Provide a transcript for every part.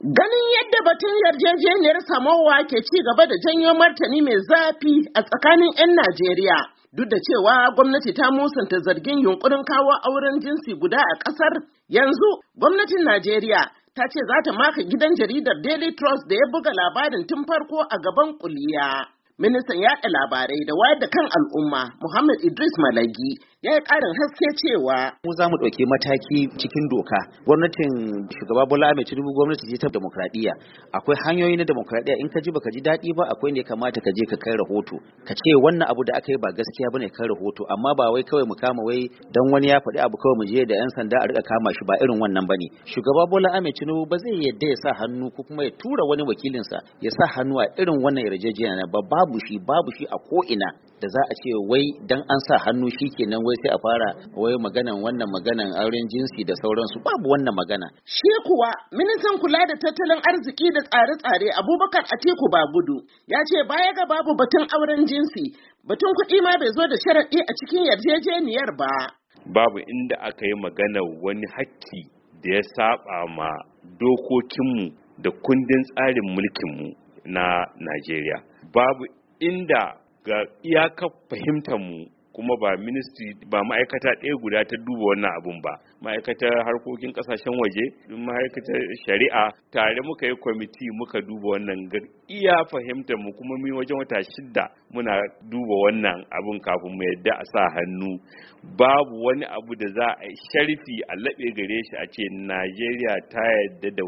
Ganin yadda batun yarjejeniyar Samowa ke ci gaba da janyo martani mai zafi a tsakanin 'yan Najeriya. Duk da cewa gwamnati ta musanta zargin yunkurin kawo auren jinsi guda a ƙasar, yanzu gwamnatin Najeriya ta ce za ta maka gidan jaridar Daily Trust da ya buga labarin tun farko a gaban kuliya. Ministan yaɗa labarai da wayar da kan al'umma Muhammad Idris Malagi ya yi ƙarin haske cewa mu za mu ɗauki mataki cikin doka gwamnatin shugaba bola mai tinubu gwamnati ce ta demokradiyya akwai hanyoyi na demokradiyya in ka ji baka ji daɗi ba akwai ne kamata ka je ka kai rahoto ka ce wannan abu da aka yi ba gaskiya bane kai rahoto amma ba wai kawai mu kama wai dan wani ya faɗi abu kawai mu je da yan sanda a rika kama shi ba irin wannan bane shugaba bola mai tinubu ba zai yadda ya sa hannu ko kuma ya tura wani wakilinsa ya sa hannu a irin wannan yarjejeniya ba babu shi babu shi a ko ina da za a ce wai dan an sa hannu shi shikenan wai sai a fara wai maganan wannan maganan auren jinsi da sauransu babu wannan magana shi kuwa ministan kula da tattalin arziki da tsare-tsare Abubakar Atiku ba gudu ya ce baya ga babu batun auren jinsi batun kuɗi ma bai zo da sharaɗi a cikin yarjejeniyar ba babu inda aka yi magana wani hakki da ya saba ma dokokinmu da kundin tsarin mulkinmu na Najeriya babu inda ga iyaka fahimtar mu kuma ba ministry ba ma'aikata ɗaya guda ta duba wannan abun ba ma'aikatar harkokin kasashen waje ma'aikatar shari'a tare muka yi kwamiti muka duba wannan ga iya fahimtar mu kuma mi wajen wata shida muna duba wannan abun kafin mu yadda a sa hannu babu wani abu da za a sharifi a laɓe gare shi a ce najeriya ta yadda da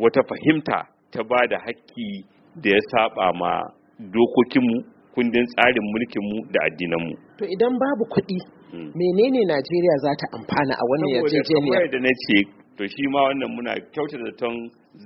wata fahimta ta ba da hakki da ya saba ma dokokinmu kundin tsarin mulkinmu da addinan mu To idan babu kuɗi, hmm. menene Najeriya za ta amfana a wannan yarjejeniyar? Saboda da na ce, to shi ma wannan muna kyautata ton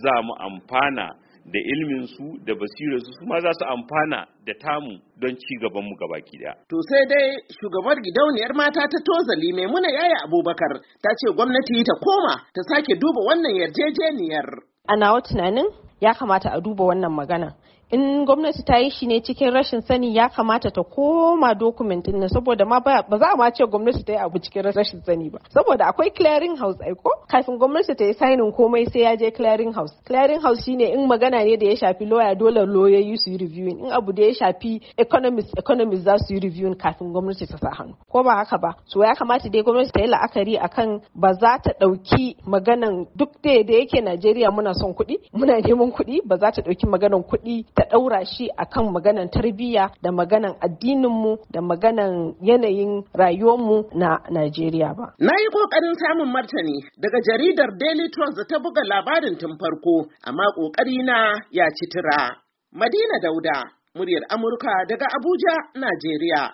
za mu amfana da ilmin su da basirar su ma za su amfana da tamu don ci gaban mu gabaki daya. To sai dai shugabar gidauniyar mata ta Tozali Maimuna Yaya Abubakar ta ce gwamnati ta koma ta sake duba wannan yarjejeniyar. Ana wa tunanin ya kamata a duba wannan magana in gwamnati ta yi shi ne cikin rashin sani ya kamata ta koma dokumentin din saboda ma ba za a ma ce gwamnati ta yi abu cikin rashin sani ba saboda akwai clearing house aiko kafin gwamnati ta yi sainin komai sai ya je clearing house clearing house shine in magana ne da ya shafi lawyer dole lawyoyi su yi reviewing in abu da ya shafi economist economist za su yi reviewing kafin gwamnati ta sa hannu ko ba haka ba so ya kamata dai gwamnati ta yi la'akari akan ba za ta ɗauki maganan duk da yake Najeriya muna son kuɗi muna neman kuɗi ba za ta ɗauki maganan kuɗi ta ɗaura shi a kan maganan tarbiyya da maganan addininmu da maganan yanayin rayuwarmu na Najeriya ba. Na yi ƙoƙarin samun martani daga jaridar Daily Trust da ta buga labarin tun farko, amma ƙoƙarina ya ci tura. Madina Dauda, muryar Amurka daga Abuja, Najeriya.